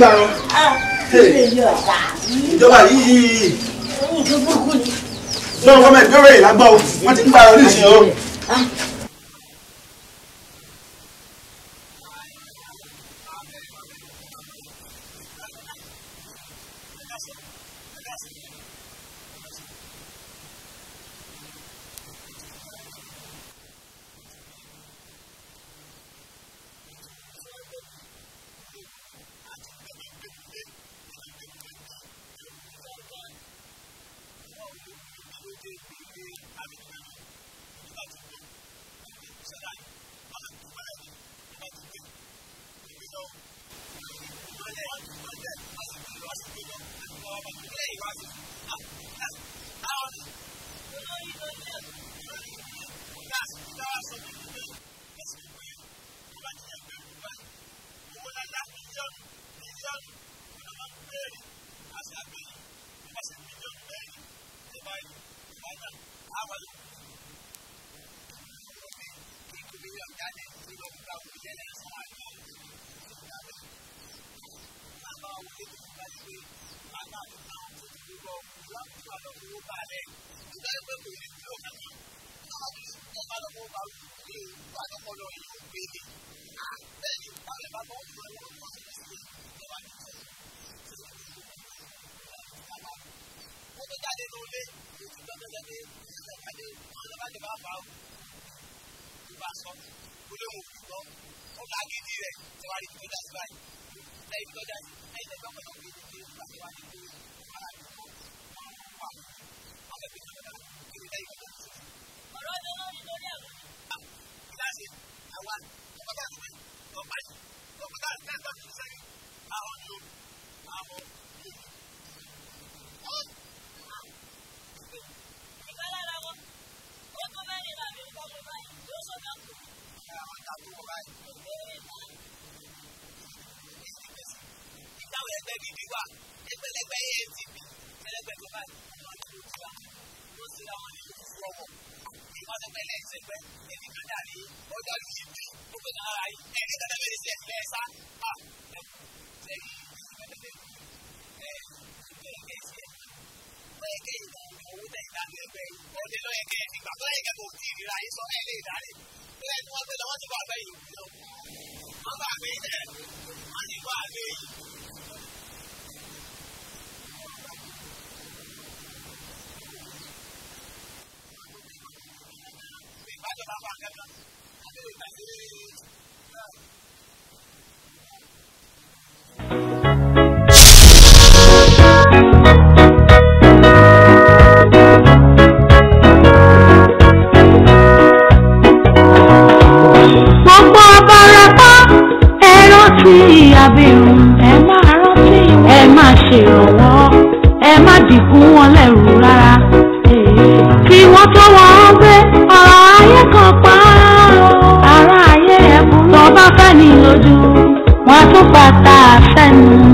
nígbà ìjọba yìí náà wọ́n mẹ́rin bẹ́rẹ̀ ìlágbá o wọ́n ti ń gbà ọ ní o. 我哋都係嘅，明白都係嘅部署啦，所以你睇，都係我哋攞住話俾用，講話俾啫，反正話俾。明白就麻煩嘅啦。alábìrún ẹ máa rántí wọn ẹ máa ṣèrànwọ́ ẹ má dìkú wọn lẹ́rù rárá kí wọ́n tó wọ́n gbé ọ̀rọ̀ ayé kan pa ara ayé ẹ̀bùn tó bá fẹ́ ní lójú wọ́n tún bàtà fẹ́nu.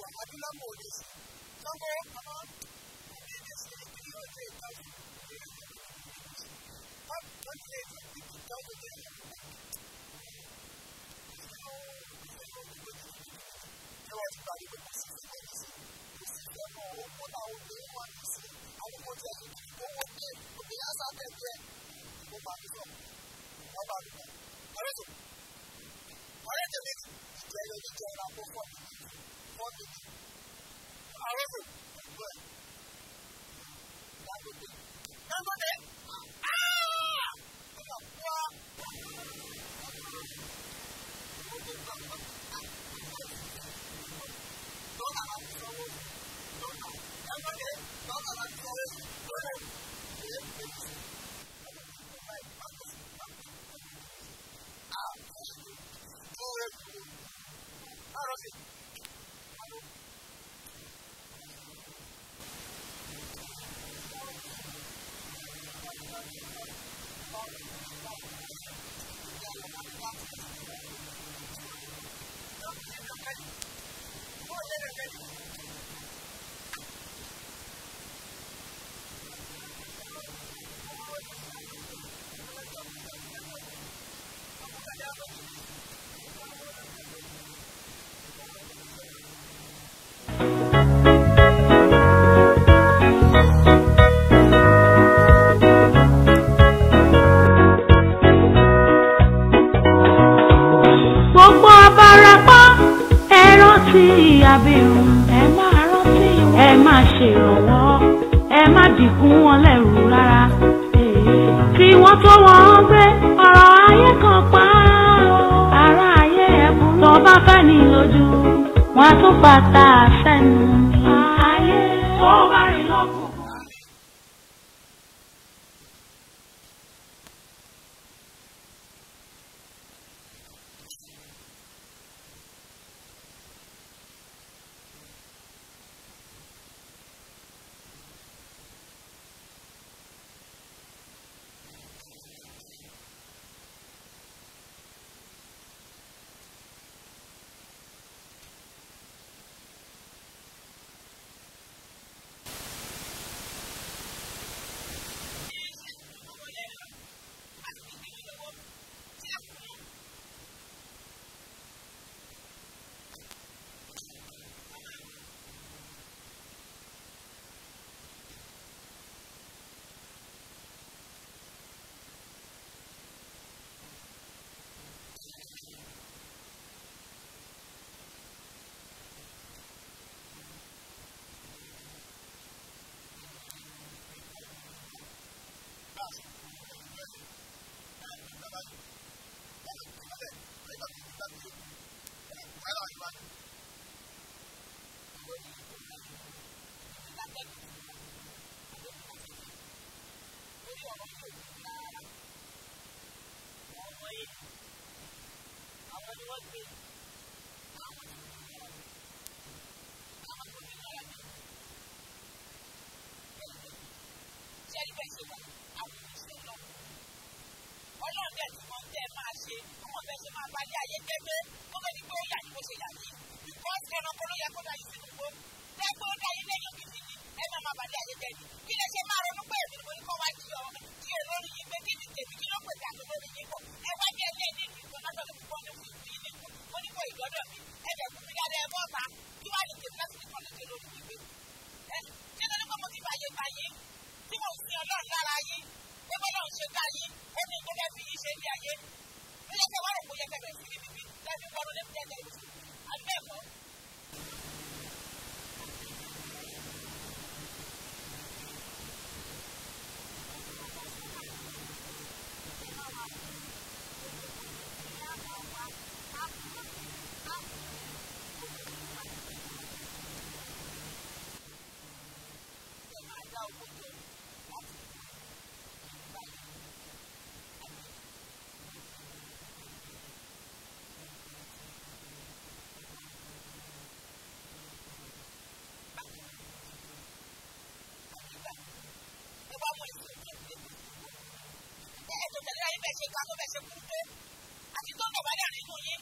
wa adúlá mọ̀ òde sí sango ọmọ òde sí ìpínlẹ̀ ọjọ́ ìtàkùn wọ́n ti lè fi ìpínlẹ̀ ìtàkùn jẹ́ ẹwà ti parí pé kò sí sí ẹni sí kò sí sí ọmọ ọmọ náà obìnrin wà ní sí àwọn ọmọ tí ẹni kiri owó gbé obìnrin àṣà tẹ̀lé ìbò máa ń sọ wọ́n bá mi bọ̀ ọ̀rẹ́ tó ọ̀rẹ́ tẹ̀lé ìjọ ẹ̀rọ ìjọ ẹ̀rọ àpò fọ́ọ̀mù quantity. However, but that would be. Number eight. Ah! Thank you. Thank you. abirùn ẹ máa rántí wọn ẹ máa ṣèrànwọ́ ẹ má dìkún wọn lẹ́rù rárá kí wọ́n tó wọ́n gbé ọ̀rọ̀ ayé kan pa ara ayé ẹ̀kú tó bá fẹ́ ní lójú wọn á tún bàtà sẹ́nu. Thank you. ti kú dé àti tó ń bọ̀ wálé nínú yín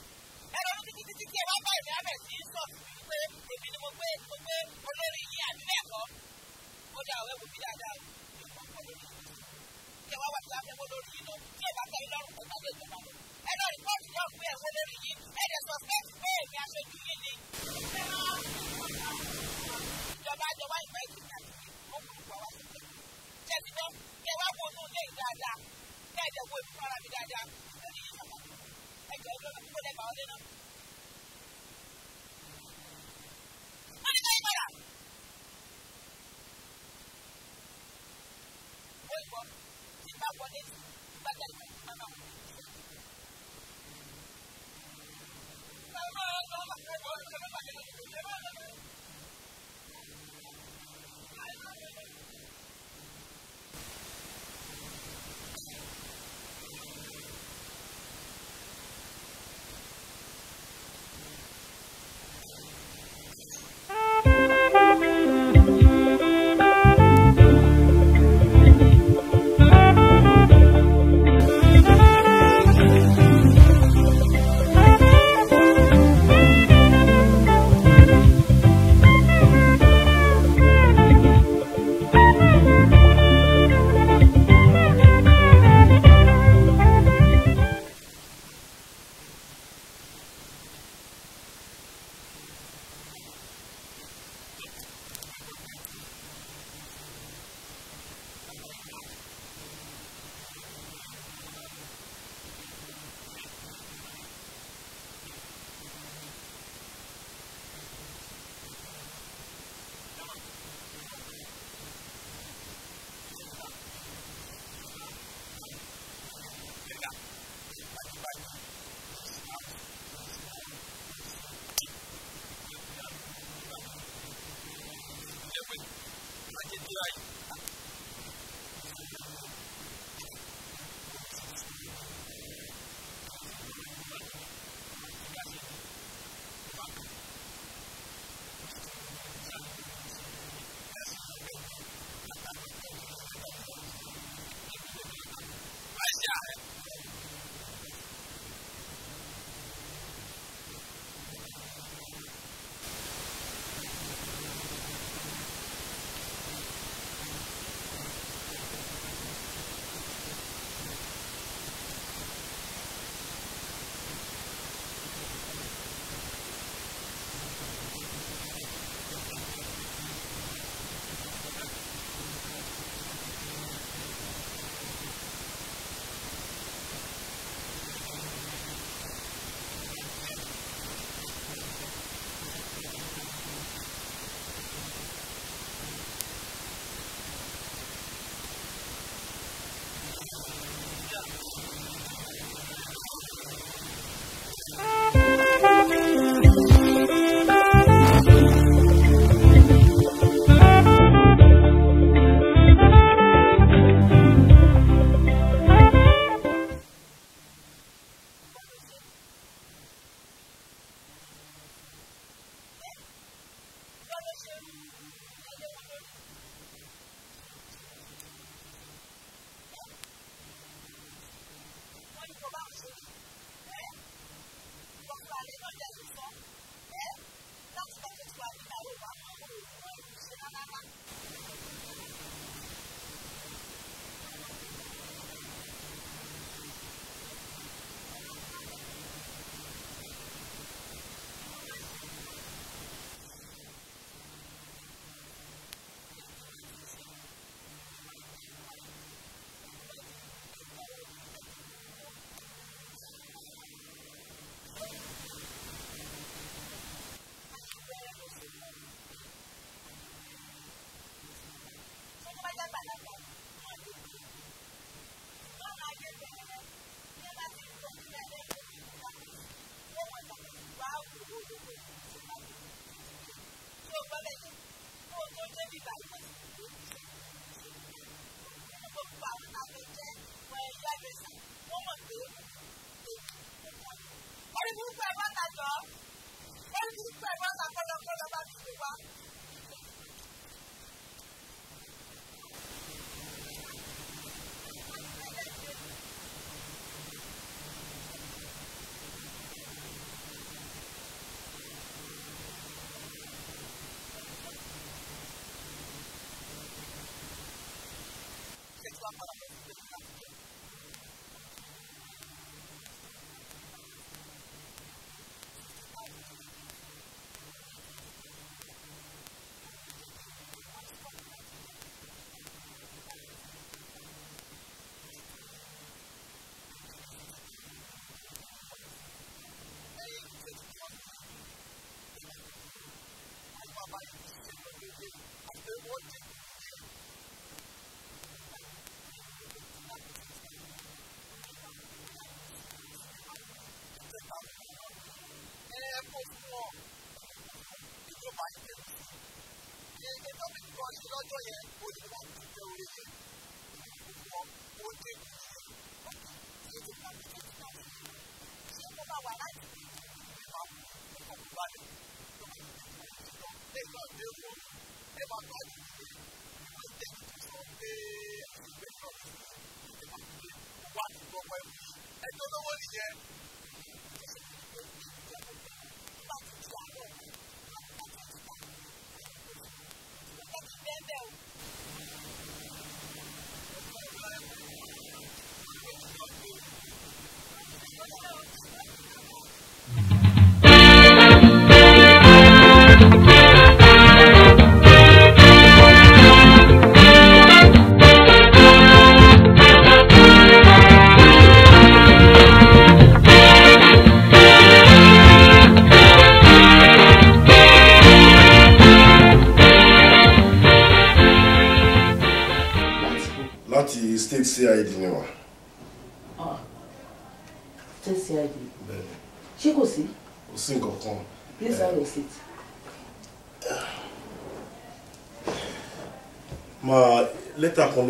ẹ̀rọ ní títí títí tí ẹ wá bá ìlú abẹ́ sí sọ pé èmi ni mo gbé mo gbé olórí yín àbí bẹ́ẹ̀ kọ́ ó dà ọ̀wẹ́ wò mí dáadáa ìmọ̀ lórí yín kí ẹ wá wà sí abẹ́wọ́ lórí yín náà tí ẹ bá tẹ̀lé lọ́rùn kó tàbí ìjọba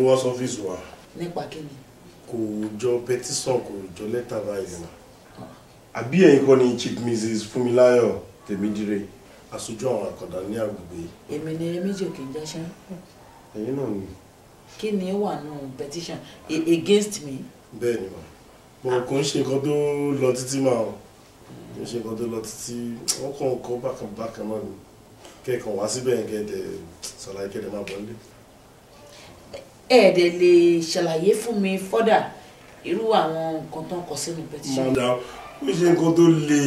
wá sọ́fíìsì wa. nípa kí ni. kò jọ pẹtísàn kò jọ lẹ́tà báyìí nà. àbí ẹ̀yin kọ́ ni chief mrs Fúnmiláyọ̀ Tèmídire aṣojú àwọn àkàndá ní àgbègbè. èmi ni méjì òkè ń jáṣá. ẹ̀yin náà ni. kí ni ó wà nù petition against me. bẹ́ẹ̀ ni mà bọ̀ kò ń ṣe nǹkan tó lọ títí mà o kò ń ṣe nǹkan tó lọ títí wọ́n kàn ń kọ́ bákan bákan náà ni kẹ́ẹ̀kan wá síbẹ̀ yẹn kẹ́ẹ̀dẹ̀ ṣàlàyé kẹ́ẹ̀dẹ̀ má bọ́ nílé ẹ̀ẹ́dẹ̀ lè ṣàlàyé fún mi fọ́dà irú àwọn nǹkan tó ń kọ sínú petition. mọ̀nà ó ṣe nǹkan tó lè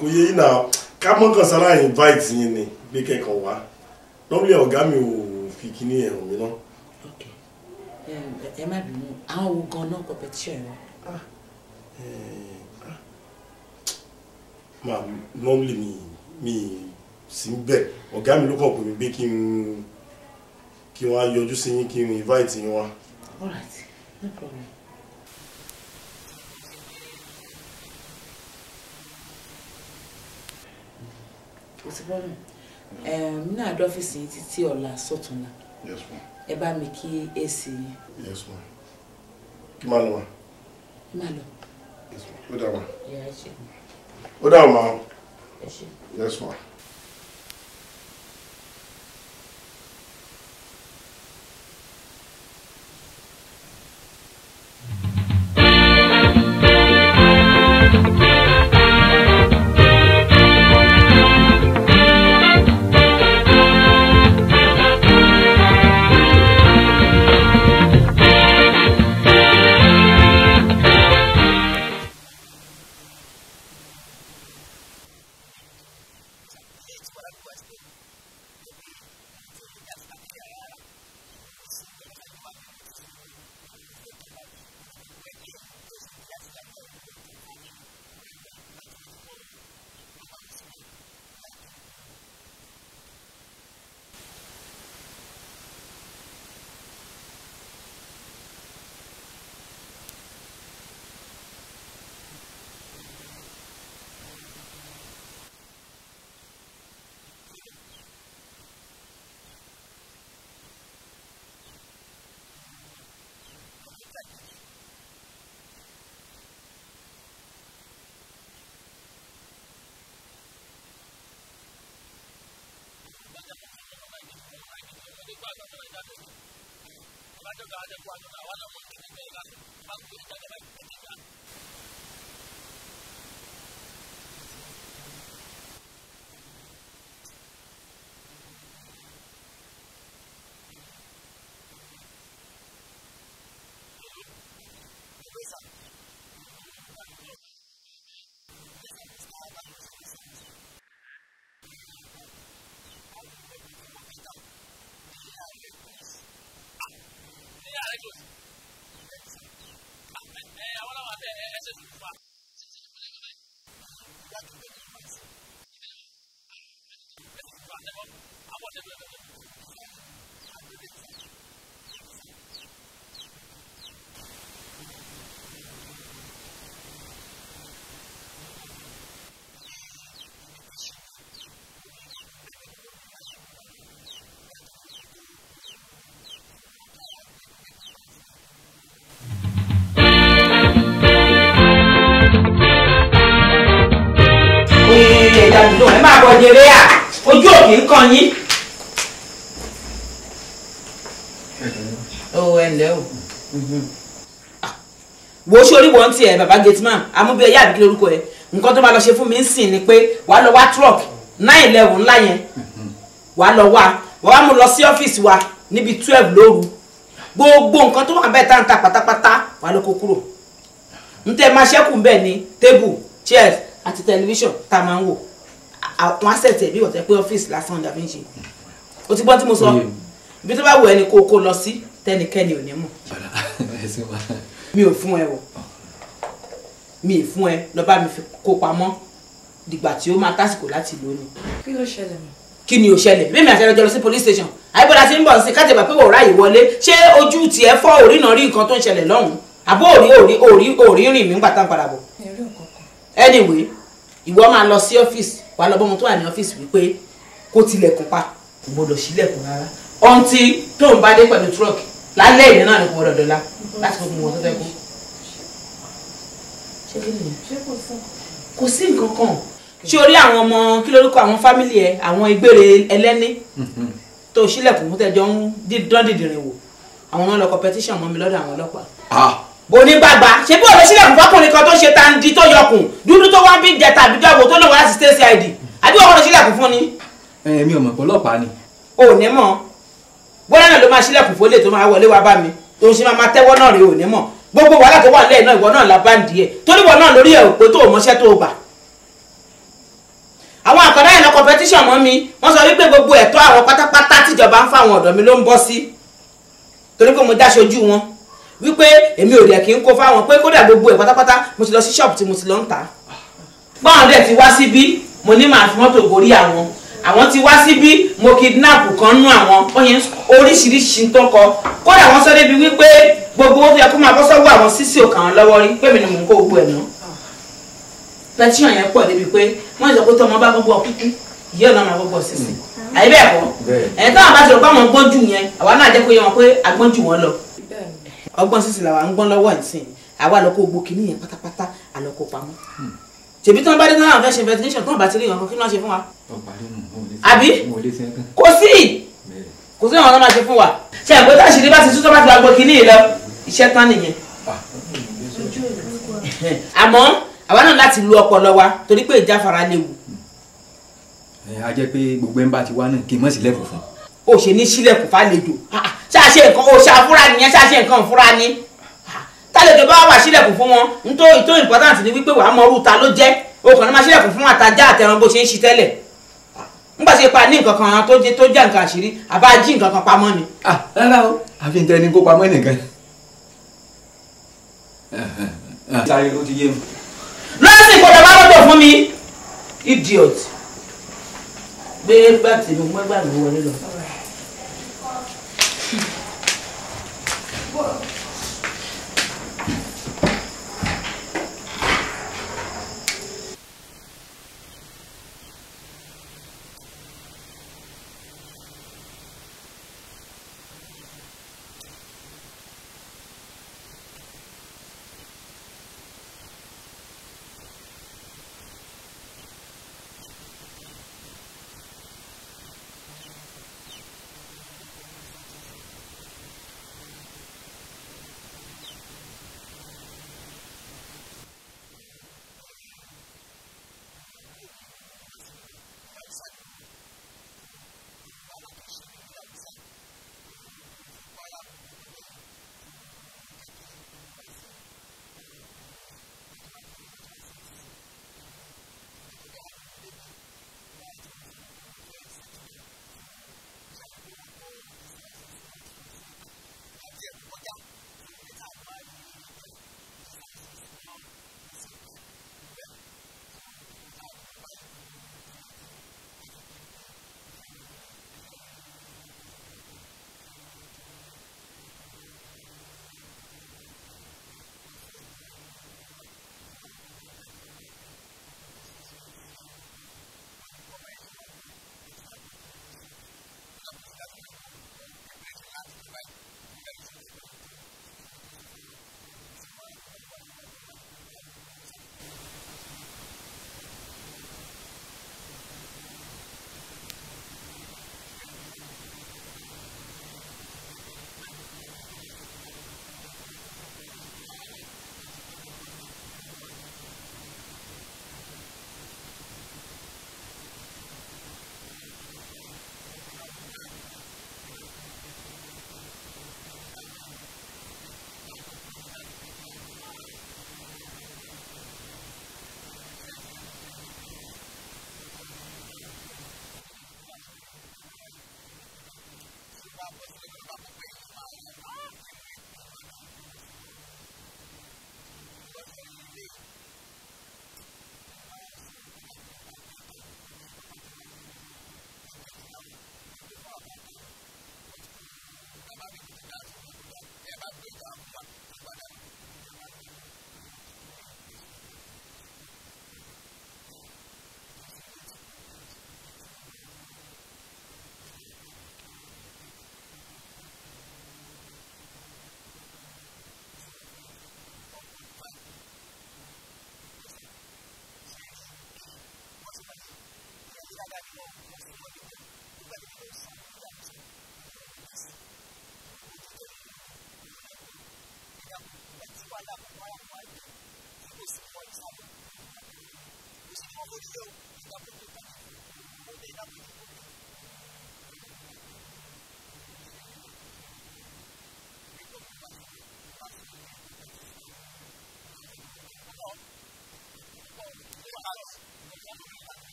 kò yẹ yín náà ká mọ́kàn sára invite yín ni pé kẹ́kọ̀ọ́ wá lọ́wọ́lẹ̀ ọ̀gá mi ò fi kíní ẹ̀rọ mi náà. ẹ má bínú àwọn wo gan-an kọ petition yẹn. màá lọ́wọ́lẹ̀ mi mi sì ń ọ̀gá mi ló kàn pè mí pé kí n kí wọ́n á yọjú sí yín kí n invite yín wá. all right no problem. o ti bọ́ mi náà dọ́ ọ́fíìsì yìí títí ọ̀la sọ̀túnla ẹ bá mi kí èsì yìí. yes ma kí máa lọ ma. kí máa lọ. yes ma ó dà ma. ó dà ma. yes ma. kagada kwa na wala mtu òjèrè à ojú òkè ń kan yín. owó ẹ ǹlẹ́ o mhm. ah, wo sórí wọn tiẹ̀ baba gateman amúbíọ́yá àbíkí lórúkọ ẹ̀ nǹkan tó máa lọ ṣe fún mi ń sìn ni pé wàá lọ wá truck nine eleven ńlá yẹn mhm. wàá lọ wá wàá mú lọ sí ọ́fíìsì wa níbi twelve lóru gbogbo nǹkan tó wà bẹ́ẹ̀ tá n ta pátápátá wàá lọ kó kúrò n tẹ́ máa ṣẹ́kù bẹ́ẹ̀ ni table chairs àti tẹlifíṣàn tá a máa ń wò àwọn asset ẹ̀ eh, bí wọ́n tẹ́ pé ọ́fíìsì lásán ọ̀dà fi ń ṣe o ti gbọ́ tí mo sọ ibi tó bá wù ẹni kó kó lọ sí tẹnikẹ́ni ò ní mọ̀ mi ò fún ẹ wọ̀ mi ì fún ẹ lọ bá mi fi kó pamọ́ dìgbà tí ó máa tásìkò láti lò ó ni. kí ló ṣẹlẹ̀ mi kí ni ó ṣẹlẹ̀ mímí àti ẹjọ́ lọ sí police station àyíbọ̀dá ti ń bọ̀ sí kájẹ̀bà pé wò ráàyè wọlé ṣé ojú tiẹ̀ fọ́ orí náà rí nǹkan tó ń ṣẹlẹ̀ lọ́hùn-ún àbó òrí òrí òrí rìn mí ń gbà padà bọ̀. anyway ìwọ máa lọ sí ọ́fíìsì wàá lọ bọ́mọ tó wà ní ọ́fíìsì wípé kó tilẹ̀kùn pa kò gbọdọ̀ sílẹ̀kùn rárá ọ̀ǹtí tó ń bá dé pẹ̀lú tírọ̀kì lálẹ́ ìdí náà ni kò gbọdọ̀ dọ̀la láti kó gbogbo wọn tó fẹ́ kó. kò sí nǹkan kan ṣé orí àwọn ọmọ kí lórúkọ àwọn fámìlì ẹ àwọn ìgbére ẹlẹ́ni mm-hmm. tó sílẹ̀kùn tẹ̀jọ́ ń dán dìdìrìn wò àwọn náà lọ kọ pẹtíṣàn mọ́ mi lọ́dọ̀ àwọn ọlọ́pàá. Ah! bòní bàgbà ṣé bí òun sílẹ̀ fọkùnrin kan tó ṣe tandi tó yọkùn dúdú tó wá bí jẹta àbíjọ àwò tó lòun láti state id àbí òun sílẹ̀ kún fún ni. ẹ mi ò mọ̀ pé ọlọ́pàá ni. ò ní mọ̀ bóyá náà ló máa sílẹ̀kùn fólè tó máa wọlé wá bá mi tó ń ṣe máa tẹ́wọ́ náà rè ò ní mọ̀ gbogbo wàhálà tó wà lẹ́yìn náà ìwọ náà la bá ń di ẹ̀ torí ìwọ náà lórí ẹ̀ òpó tó mọṣẹ́ tó bà. àwọn àkàndá yẹn lọ competition mọ́ mi wọ́n sọ wípé gbogbo ẹ̀tọ́ àwọn pátápátá tìjọba ń fáwọn ọ̀dọ́ mi ló ń bọ́ sí torí pé mo dá ṣojú wọn wípé èmi ò dẹ̀ kí n kó fáwọn pé kódà gbogbo ẹ̀ pátápátá mo ti lọ sí ṣọ́ọ̀bù tí mo ti lọ ń tà á. báwọn dẹ̀ ti wá síbí mo ní màá fi mọ́tò gorí àwọn àwọn ti wá síbí mo kidnap kan nú àwọn wọ́n yẹn oríṣiríṣi ń tọkọ kódà wọ́n sọ débi wípé gbogbo owó tó yẹ kó máa bọ́ sọ́wọ́ àwọn sísè òkà wọn lọ́wọ́ rí pé mi ni mò ń kó gbogbo ẹ̀ náà pẹtíọ̀n yẹn pọ̀ débi pé wọ́n sọ pé tọmọ bá gbogbo ọkùnkùn yóò náà máa gbogbo sísè mm. àyè bẹ́ẹ̀ kọ́ ẹ̀ bá ti rò pé àwọn gbọ́njú yẹn àwa náà jẹ́ pé yẹn wọn pé agbọ́njú wọn lọ ọgbọ́n sísè làwa ń gbọ́n lọ́wọ́ ìsìn àwa lọ kó gbó kínní yẹn pátápátá àlọ́ kó pamọ́. tèmi hmm. tí wọ́n bá dé náà fẹ́ ṣe investigation tí wọ́n bá ti rí ìyànjú kí wọ́n ṣe fún wa. àbí kò sí kò sí ìyànjú máa ṣe fún wa. ṣe àgbẹ̀ tá àṣírí bá ti tú tó bá ti wá gbó kínní yìí lọ iṣẹ́ tán nìyẹn. Ah, àmọ́ àwa náà láti lu ọpọlọ wa torí pé ìjáfara léwu. Hmm. a jẹ́ pé gbogbo ẹ̀ ń bá ti wá náà kì í mọ̀ sí lẹ́fọ̀ọ́ fún un o ṣe ní sílẹ̀kùn fàlejò ṣáṣe nǹkan o ṣàfúrà nìyẹn ṣáṣe nǹkan ìfúra ni tálejò bá wà sílẹ̀kùn fún wọn nítorí ìtò important ni wípé wàá mọrú ta ló jẹ́ o kàn ní máa sílẹ̀kùn fún àtajá àtẹran bó ṣe ń ṣi tẹ́lẹ̀ nígbà tí ipa ní nǹkan kan tó jẹ́ tó jẹ́ nǹkan àṣírí àbá jí nǹkan kan pamọ́ ni. rárá o àfi ń tẹni kó pamọ́ nìkan. sáré ló ti yé mi. lọ́sìn kò dàbá lọ́dọ̀ fún mi idiot gbé gbàtì mo gbàgbà ló wọlé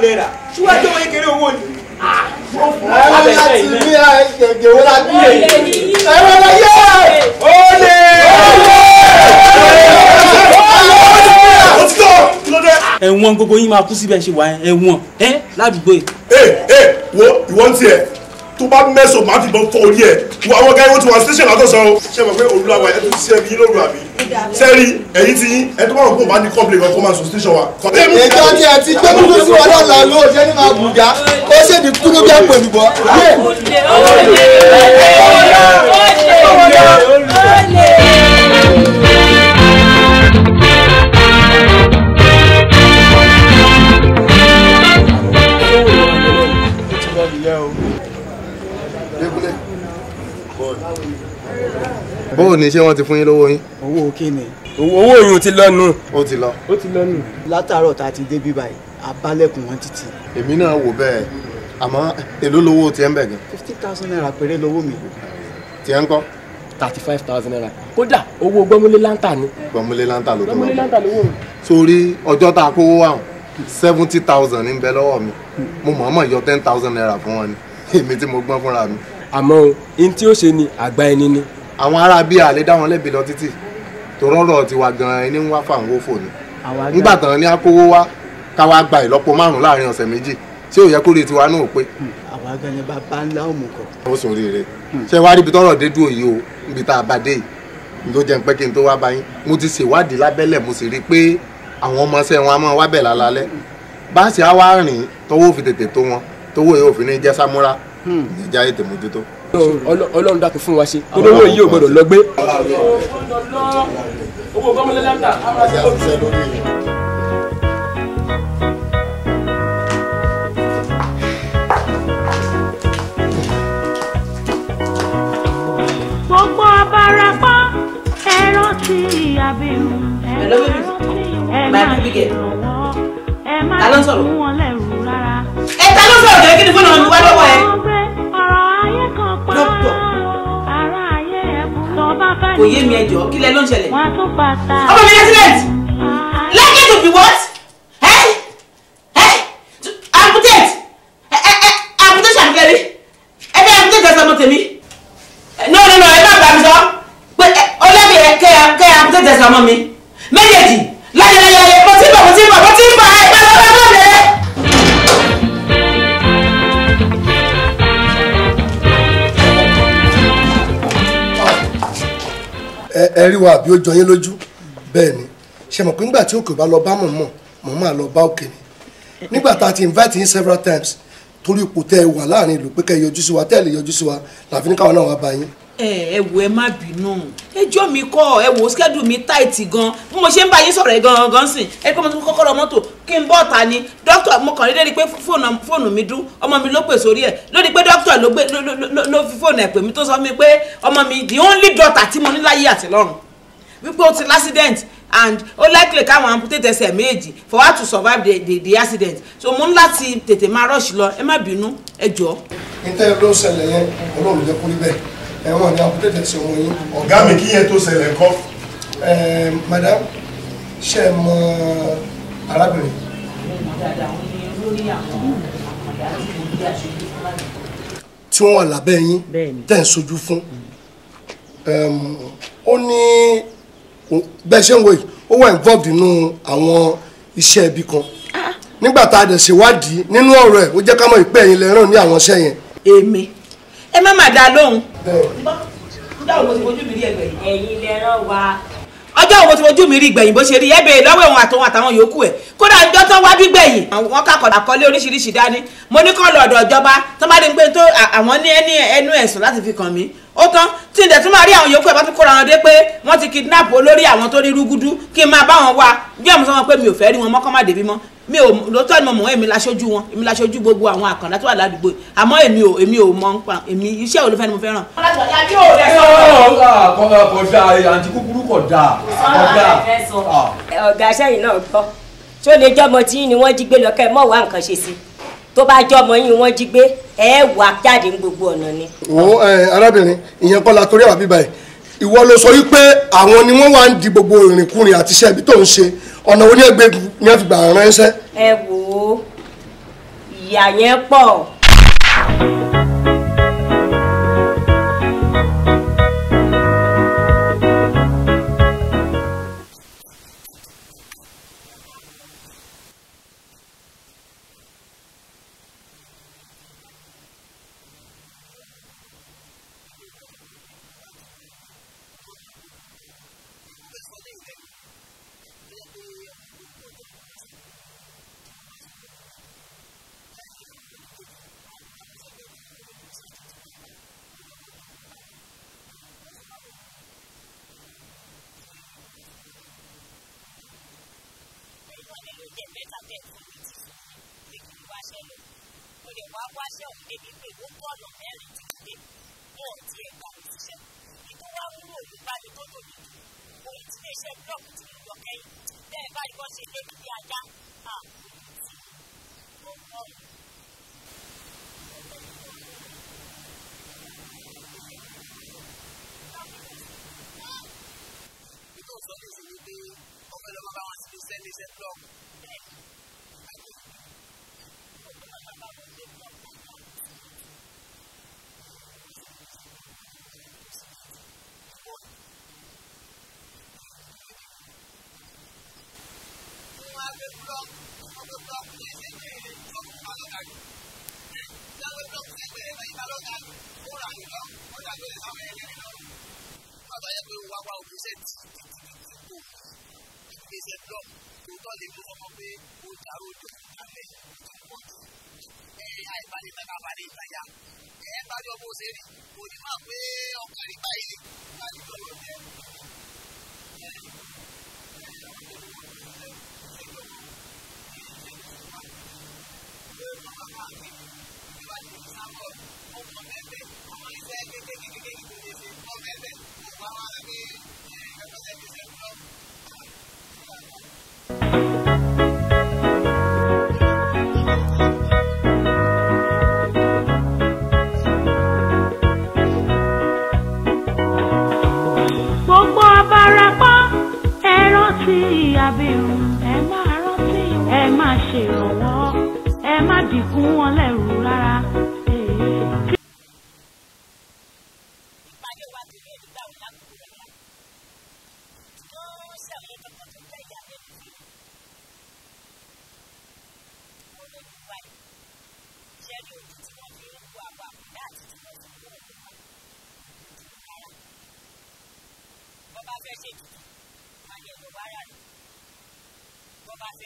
thousand naira ṣíwájú ọmọ kékeré owó ni. ẹ̀rọ láti rí ẹ̀jẹ̀ wo la bí èyí ẹ̀rọ la yẹ olè olè. ẹ̀wọ̀n gbogbo yín máa kú síbẹ̀ ṣe wà ẹ̀wọ̀n ẹ̀ ládùúgbò yìí. ẹ ẹ wo ìwọ ń tiẹ̀ tó bá mẹ́sàn máa fi bọ́ fọ́ orí ẹ̀ wọ àwọn ọ̀gá ìwọ́n ti wà station látọ̀sán o ṣe mọ̀ pé òrùlà wa ẹ̀ tó ti ṣe ẹbí lóru àbí sẹ́rí ẹ̀yìn ti yín ẹ̀ tó bá wọn kó bá ní complain ọkọ̀ máa sọ station wa. ètò ọtí ẹ ti gbé kúrú sí wàhálà làlú òjẹ́ ní máa bùjá ó ṣe ní kúrú bí àpò ìbọ̀. olè olè olè olè. bóò ní ṣé wọ́n ti fún yín lówó yín. owó òkè ni. owó yín ò ti lọ́nu. ó ti lọ. ó ti lọ́nu. látàárọ̀ tá a ti dé bí báyìí abálẹ̀kùn wọn títì. èmi náà wò bẹ́ẹ̀ àmọ́ èló lówó tiẹ̀ ń bẹ̀ gan. fifty thousand naira péré lówó mi. tiẹ̀ ń kọ́. thirty five thousand naira kódà owó gbọ́múlé láńtà ni. gbọ́múlé láńtà ló tó lọ. gbọ́múlé láńtà lówó mi. sórí ọjọ́ tá a kówó wà seventy thousand ń bẹ lọ́wọ́ mi mo mọ̀ọ́mọ̀ yọ ten thousand naira fún wọn ni èmi tí mo gbọ́n fúnra mi. àmọ́ ohun tí ó ṣe ni àgbá ẹni ni àwọn ará bíi àlè dá wọn lẹ́bi lọ títì tó rọ́rọ̀ tiwa gan-an ẹni ń wá fáwọn òfò ni nígbà tán ni a kówó wá ká wá gba ìlọ́po márùn-ún láàrin ọ̀sẹ̀ méjì tí ò yẹ kó rí tiwa náà pé. Hmm, àwa gan ni bàbá ńlá ò mú kọ. ó sùn rere hmm. ṣé wàá rí ibi tọ́rọ̀ dé dúró yìí o níbi tá a bá dé yìí ní tó jẹ́ pé kí n tó wá bá mo ti ṣèwádìí lábẹ́lẹ̀ mo sì rí i pé àwọn ọmọọṣẹ́ wọn a máa wá lálálẹ́ báàsì á wá rìn tọwọ́ fi tètè tó wọn tọwọ́ yóò fi ní jẹ́ sámúrà hmm. ìjà ètè mójútó ọlọ́run dákun fún wa ṣe olówó yìí ò gbọdọ̀ lọ gbé. gbogbo abarapá ẹ̀rọ ti àbẹ̀rù ẹ̀rọ ti ẹ̀ máa ṣe lọ́wọ́ ẹ̀ máa ṣe wọn lẹ́rù. kò yé mi ẹjọ́ kí ló ń ṣẹlẹ̀. ọmọ mi resident ah. like it to be what? Hey? Hey? amputate amputation kẹri ẹ fẹ́ amputate ẹsẹ̀ ọmọ tèmi no no no ẹ má bàa mi sọ pé ọlẹ́bí ẹ kẹ́ amputate ẹsẹ̀ ọmọ mi. wa àbí ó jọ yín lójú bẹ́ẹ̀ ni ṣe mọ̀ pé nígbà tí òkè bá lọ bá mọ̀mọ́ mọ̀ máa lọ bá òkè ni nígbà tá a ti invite yín several times torí ipò tẹ́ ẹ wà láàrin ìlú pé kẹ́ ẹ yọjú sí wa tẹ́ ẹ lè yọjú sí wa làfi ní káwọn náà wá bá yín ẹ wò ẹ má bínú ẹjọ́ mi kọ́ ẹ wò schedule mi tight gan bí mo ṣe ń bá yín sọ̀rọ̀ ẹ gan gan sìn ẹ pé mo ti kọ́kọ́ lọ mọ́tò kí n bọ́ ta ni dókítà mo kàn lédè pé fóònù mi dún ọmọ mi ló pè sórí ẹ lórí pé dókítà ló fi fóònù ẹ pè mí tó sọ mi pé ọmọ mi the only daughter tí mo ní láyé àtìlọ́run wípé ó ti l'accident and ó likely káwọn amputate ẹsẹ̀ méjì for her to survive the the, the accident so mo ń láti tètè máa rush lọ ẹ má bínú ẹ jọ. nítorí ló ń ṣẹlẹ̀ yẹn olóòrùn jẹ́ kúrí bẹ́ẹ̀ ẹ̀wọ̀n ni amputate ẹsẹ̀ wọn yín. ọ̀gá mi kí yẹn tó ṣẹlẹ̀ kọ́. madam ṣe é mọ arábìnrin. tí wọ́n wà lábẹ́ yín tẹ̀ ń sojú fún ó ní bẹ́ẹ̀ ṣe ń wo yìí ó wà involved nínú àwọn iṣẹ́ ibi kan nígbà tá a dẹ̀ ṣèwádìí nínú ọ̀rọ̀ ẹ̀ ó jẹ́ ká mọ̀ ìpẹ́ ẹ̀yìn lẹ́ràn ní àwọn iṣẹ́ yẹn. èmi ẹ má má dá lóhùn. bẹ́ẹ̀ ni. báwo ni mo ti fojú mi rí ẹgbẹ́ yìí. ẹ̀yin lẹ́ràn wa ọjọ́ òun tí mojú mi rí gbẹ̀yìn bó ṣe rí ẹ̀bẹ̀ lọ́wọ́ òun àtọ̀hún àtàwọn yòókù ẹ̀ kódà ọjọ́ tó wá gbígbẹ̀yìn àwọn kakọ̀dà kọ́lé oríṣiríṣi dání mo ní kàn lọ ọ̀dọ̀ ìjọba tó má lè gbé tó àwọn ní ẹni ẹnu ẹ̀sùn láti fi kàn mí ó tán tí ǹdẹ̀ tún máa rí àwọn yòókù ẹ̀ bá tún kóra wọn dé pé wọ́n ti kidnap olórí àwọn tó rí rúgúdú kí n máa bá wọn wá bí ọmọ sọ wọn pé mi ò fẹ́ rí wọn mọ́kànmá débi mọ́ mi ò lóòótọ́ ni mo mọ̀ wọ́n èmi laṣojú wọn èmi laṣojú gbogbo àwọn àkàndá tó wà ládùúgbò àmọ́ èmi ò èmi ò mọ nǹkan èmi iṣẹ́ olùfẹ́ ni mo fẹ́ràn. kọ̀dà àǹtí kúkúrú kọ̀dà kọ̀dà. ọ̀gá sẹ́yìn ah. náà gbọ́ tó lè jọ́mọ tí ni wọ́n jí gbé lọ mọ̀ wá nǹkan ṣe sí tó bá jọ́mọ yín wọ́n jí gbé ẹ jáde ní gbogbo ọ̀nà ni. wo arábìnrin ìyẹn kọ́ la torí àbí báyìí ìwọ ló sọ wípé àwọn ni wọ́n wá ń di gbogbo ìrìnkúrìn àti iṣẹ́ ibi tó ń ṣe ọ̀nà onígbè ni wọ́n fi gbà ránṣẹ́. ẹ wò ó ìyà yẹn pọ̀. ẹ̀yà ìbálẹ̀ bàbá ní ìtajà ẹ̀ bá yọ bó ṣe rí kò ní máa pé ọkàn ní báyìí láti lọ lọ jẹ. Thank you. gbogbo abarapá ẹ rántí abirùn ẹ máa rántí wọn ẹ máa ṣèrànwọ́ ẹ má dìkún wọn lẹ́rù rárá.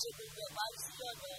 ṣe gbogbo ọba sí ọ̀dọ̀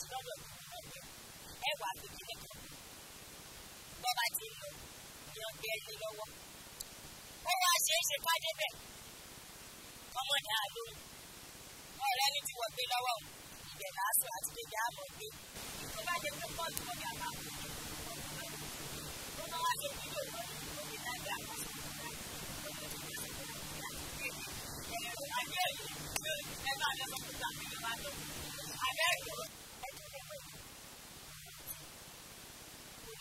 ti lọ́dọ̀ ẹ wà á kan bọ́ bá ti mú yan bí ẹni lọ́wọ́ ó wá ṣeé ṣe ká débẹ̀ ọmọ ní àlóhùn ọ̀rẹ́ ni ti wọ̀ gbé lọ́wọ́ òun ibẹ̀ láàṣọ àti bèbè àmọ̀ gbé tó bá jẹ́ pé bọ́ọ̀lù wọn ni a máa kú ó bá wá ṣe fídíò kan ó fi dàgbé àkọsọ Thank you.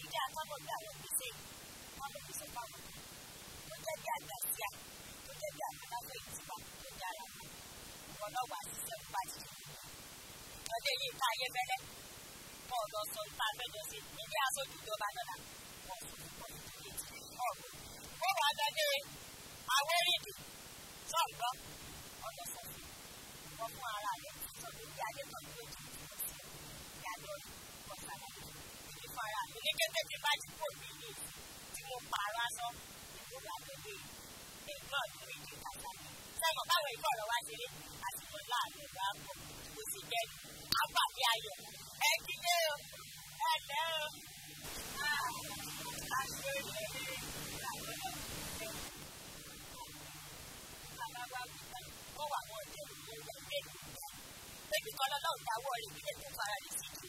kí àtọ́bọ̀ gbé àwọn gbèsè àwọn gbèsè pamọ́ tó jẹ́ bí àgbà tó jẹ́ bí àgbà láfẹ́ tó dára mọ́ ìwọ náà wà síṣẹ́ nípa jíjẹ lọ́dẹ yìí ká ayé fẹ́lẹ́ wọn ò lọ sọ nípa abẹ́jọ sí níbi aṣojú ìjọba náà wọn sọ fún wọn nítorí ti ọ̀gbọ́n wọn wà lọ́dẹ àwọn èrìdì sọ̀gbọ́n ọ̀dọ̀ sọ̀fún wọn fún ara rẹ̀ sọ̀gbọ́n para mi ní gẹ́gẹ́ bí bá ti pọ̀ mí ní tí mo pààrọ̀ aṣọ ìgbòho àgbègbè ẹ̀gbọ́n mi méjì kàkà mi. sẹ́yìn báwọn ìkọ́ ọ̀rọ̀ wá ṣe rí àsìkò láàrin ìgbà pọ̀ kò sì jẹ́ àgbàdì ayọ̀. ẹ kílé o ẹ lẹ́ o. aṣọ ah, ìlérí ìgbàgbọ́ ó wà wọ́n kọ́lọ́lọ́ ìdáwọ́ rẹ̀ nílẹ̀ tó fara ní síbi.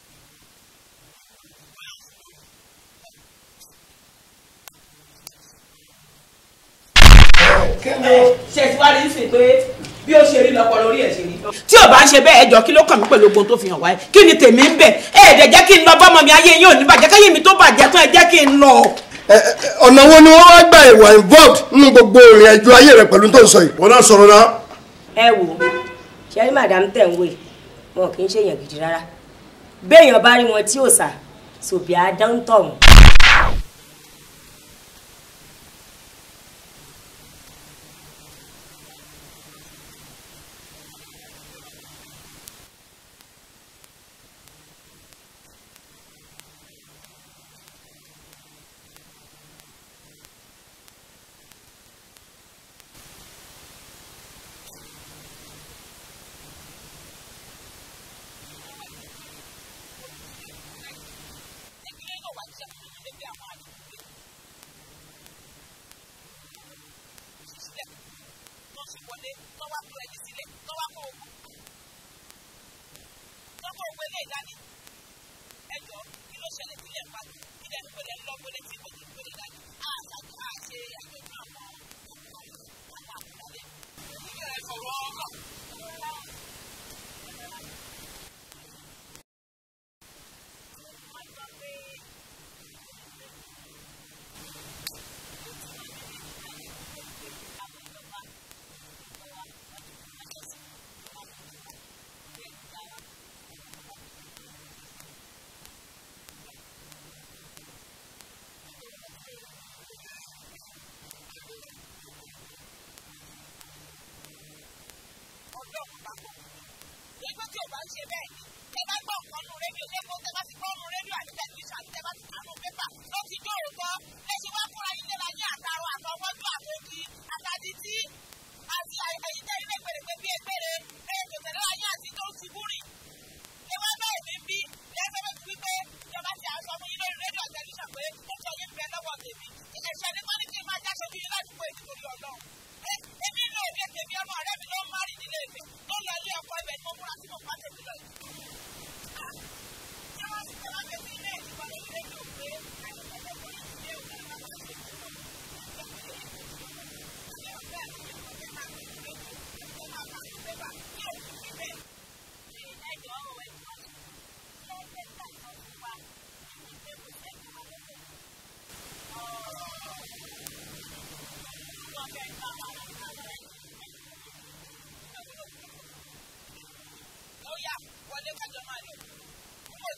ṣe ti wá rí sí pé bí ó ṣe rí lọ́pọ̀ lórí ẹ̀ ṣe rí. tí ò bá ń ṣe bẹ́ẹ̀ ẹjọ́ kí ló kàn mí pẹ̀lú ogun tó fi hàn wáyé kí ni tèmi ń bẹ̀ ẹ ẹ̀dẹ̀ jẹ́ kí n lọ bọ́mọ mi ayé yín ò ní bàjẹ́ káyé mi tó bàjẹ́ tán ẹ jẹ́ kí n lọ. ọ̀nà wo ni wọ́n wá gba ìwà involved nínú gbogbo ìrìn àjò ayé rẹ̀ pẹ̀lú tó ń sọ yìí. wọn náà sọ̀rọ̀ náà. ẹ wò ó ṣe rí madam tẹ̀ ń wé wọn kì í ṣèyàn gidi rárá béèyàn bá rí wọn tí ò sà sòbí àdáńtọ̀hún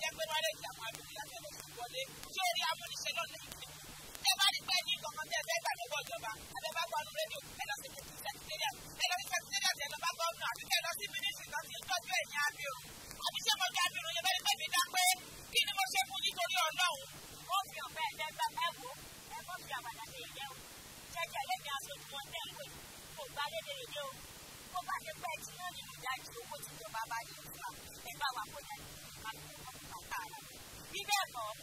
jẹ́ pé márẹ́jì àwọn abẹ́rẹ́ yàtọ̀ sí wọlé tí ó rí amúnisẹ́ lọ́nà ìgbẹ́. ẹ bá rí pé ní kankan tẹ́ ẹ fẹ́ ìjọba ẹ bá gbọ́ ọdún rédíò ẹ lọ sí sẹkítẹ́rìà ẹ lọ sí sẹkítẹ́rìà tẹ́ lọ bá gbọ́ ọdún àti tẹ́ lọ sí mínísítì tó ti ẹ̀yìn abirù. àbí ṣé mo kí ni mo ṣe kó bá ṣe pẹ́ tí bá be careful.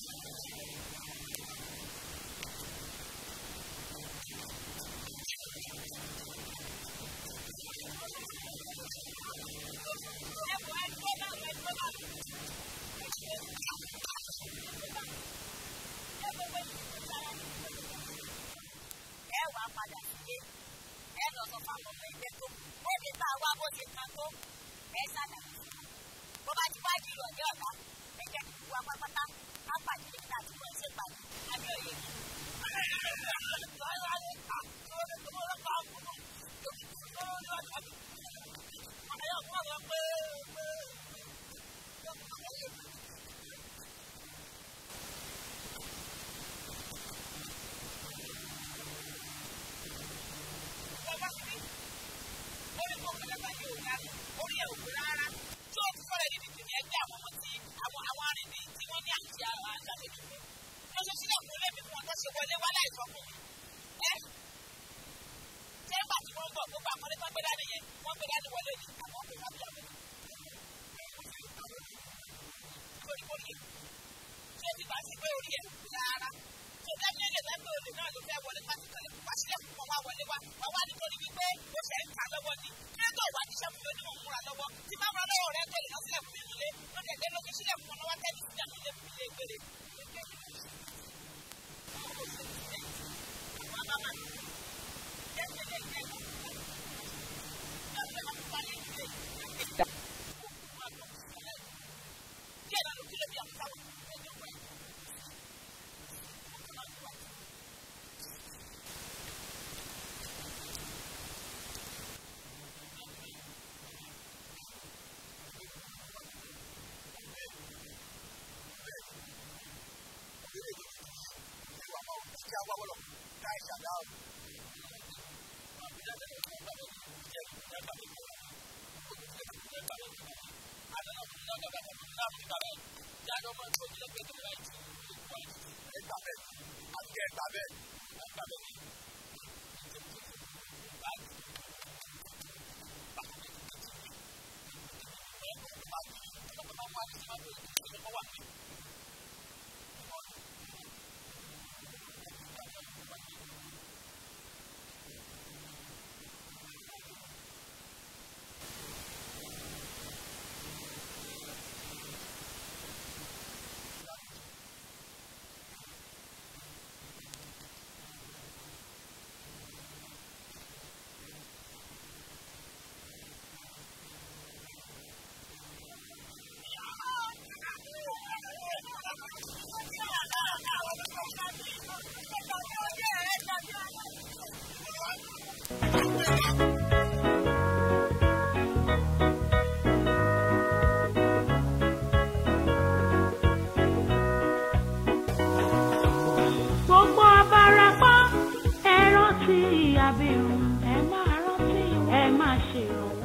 Islamku Desa láì sọ fún wọn. ẹ ṣé ń bà tí wọ́n ń gbogbo àkọlé tó gbé dání yẹn wọ́n gbé dání wọlé ní àwọn ọkọ̀ ìwádìí ọ̀gbìn. lórí orí ẹ̀ ṣé ti bá sí pé orí ẹ̀ rárá ṣé dábìlẹ̀ lè fẹ́ pé olè náà ló fẹ́ wọlé pásítọ̀ lè wá sílẹ̀ fún ọwọ́ wọlé wa wọ́n wá nítorí wípé ó ṣe ń ta lọ́wọ́ ni kí wà níṣẹ́ fún mi ó múra lọ́wọ́ tí bá múra lọ́wọ́ rẹ̀ tó ìlọsílẹ̀ fún mi nílé wọ́n tẹ̀lé lókè you.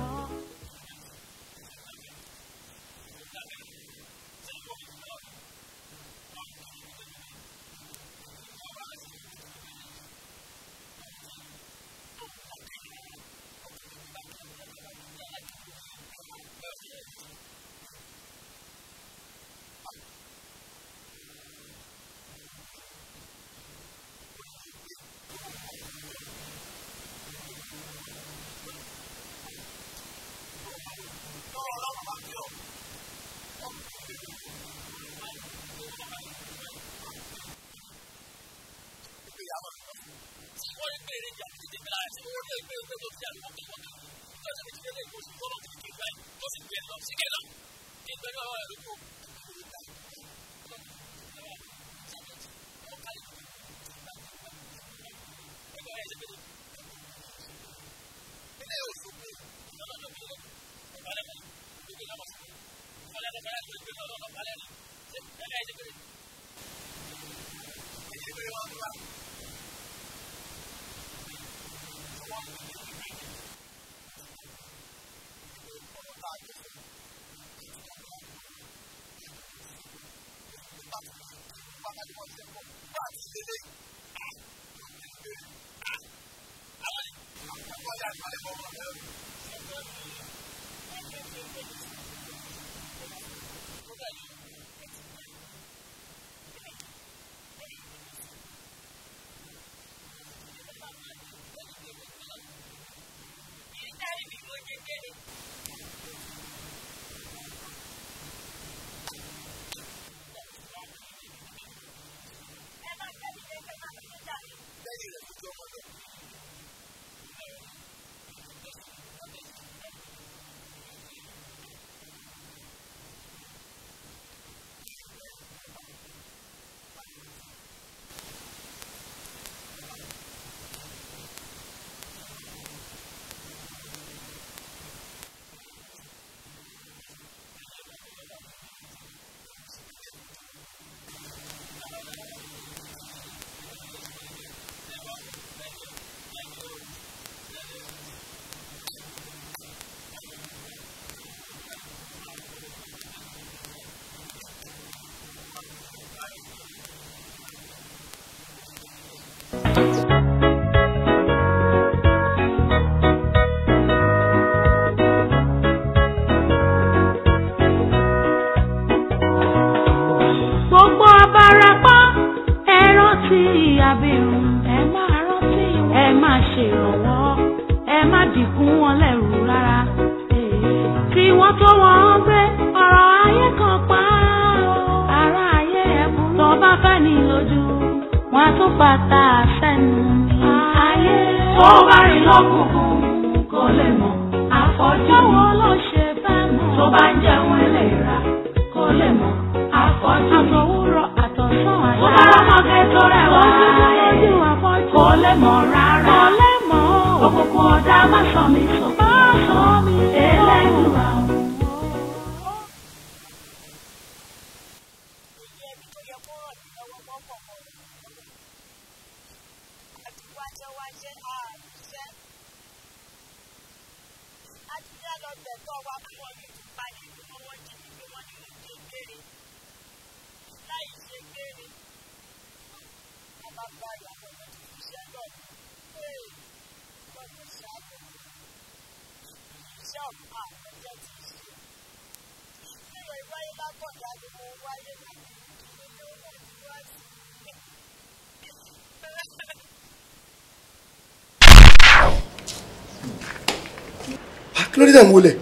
dẹ̀ ń wọlé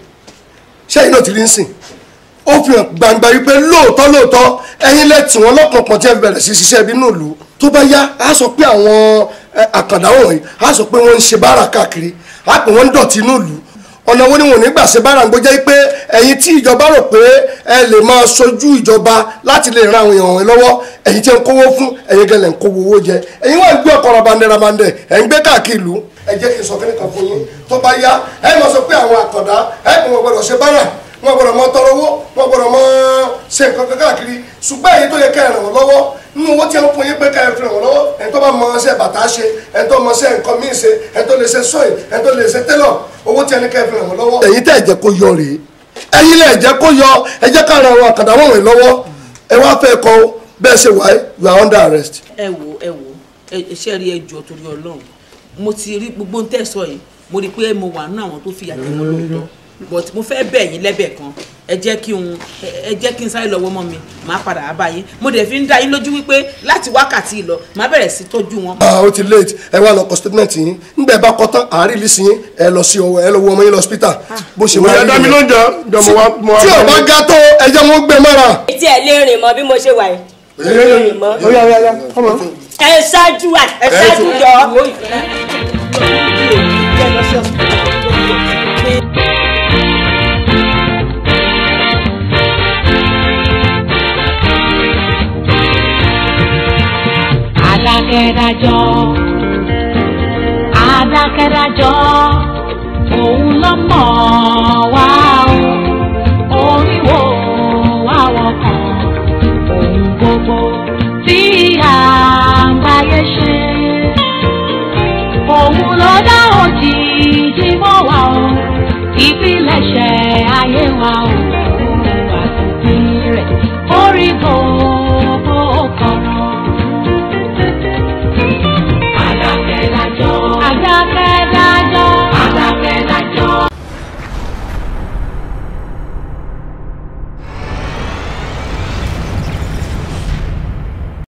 ṣé ẹ̀yin náà ti rí ń sìn ó fi hàn gbangba wípé lóòótọ́ lóòótọ́ ẹ̀yin lẹ́tì wọn lọ́pọ̀pọ̀ tí ẹ bẹ̀rẹ̀ sí ṣiṣẹ́ ibi náà lò tó bá yá á sọ pé àwọn àkàndá wọ̀nyí á sọ pé wọ́n ń ṣe báárà káàkiri á pè wọ́n ń dọ̀tí inú ìlú ọ̀nà wo ni wọn ò ní gbà ṣe bárangbó jẹ́ pé ẹ̀yin tí ìjọba rò pé ẹ lè máa sojú ìjọba láti lè ran àwọn èèyàn lọ́wọ́ ẹ̀yin tí ń kówó fún ẹ̀yin gẹlẹ̀ ń kówó owó jẹ ẹ̀yin wà ń gbé ọkọ̀ rabandẹ rabandẹ ẹ̀ ń gbé káàkiri ìlú ẹ jẹ́ kí n sọ fún yín tó bá yá ẹ máa sọ pé àwọn àkàndá ẹ kò wọ́n gbọ́dọ̀ ṣe bára wọn gbọ́dọ̀ mọ tọrọ owó wọn gbọ́dọ̀ mọ ṣe nǹkan kan káàkiri ṣùgbọ́n èyí tó yẹ ká ẹ ràn wọ́n lọ́wọ́ nínú owó tí a ń fún yín pé ká ẹ fi ràn wọ́n lọ́wọ́ ẹ̀ tó bá mọ ṣe bàtà ṣe ẹ̀ tó mọ ṣe nǹkan míì ṣe ẹ̀ tó lè ṣe sọ́yìn ẹ̀ tó lè ṣe tẹ́lọ̀ owó tí a ní ká ẹ fi ràn wọ́n lọ́wọ́. ẹ̀yin tẹ́ ẹ jẹ́ kó yọ rèé ẹ̀yin lẹ jẹ́ kó yọ ẹ jẹ́ ká ran àwọn àkàndá wọ̀nyí lọ́wọ́ ẹ wá fẹ́ kọ bẹ́ẹ̀ ṣe wáyé you are under arrest. ẹ wo ẹ wo ẹ ṣe rí ẹjọ́ torí Ọlọ́run mo ti rí gbogbo ń tẹsán yìí mo rí pé mo wà nínú àwọn tó fìyà jẹ but mo fẹ́ bẹ̀ yín lẹ́bẹ̀ kan ẹ jẹ́ kí n ẹ jẹ́ kí n sáré lọ́wọ́ mọ́ mi màá padà wá bá yín mo dẹ̀ fi ń dá yín lójú wípé láti wákàtí lọ màá bẹ̀rẹ̀ sí tọ́jú wọn. Ah, ó ti late ẹ wá lọ kọ statement yín nígbà ẹ bá kọ tán àárín lè sìn ẹ lọ sí ọwọ́ ẹ lọ wọ ọmọ yín lọ hospital ah. bó ṣe máa ń yẹ. tí o bá ga tó ẹjẹ wọn gbé mọ́ra. etí ẹ lè rìn mọ bí mo ṣe wà yìí. ẹ ṣáájú ẹ ṣáájú jọ. adákẹ́dájọ́ adákẹ́dájọ́ òun ló mọ̀ wá o orí wo wá wọkàn òun gbogbo tí a ń báyé ṣe òun ló dá òjì jí mọ́ wá o ìpilẹ̀ṣẹ̀ ayé wa o.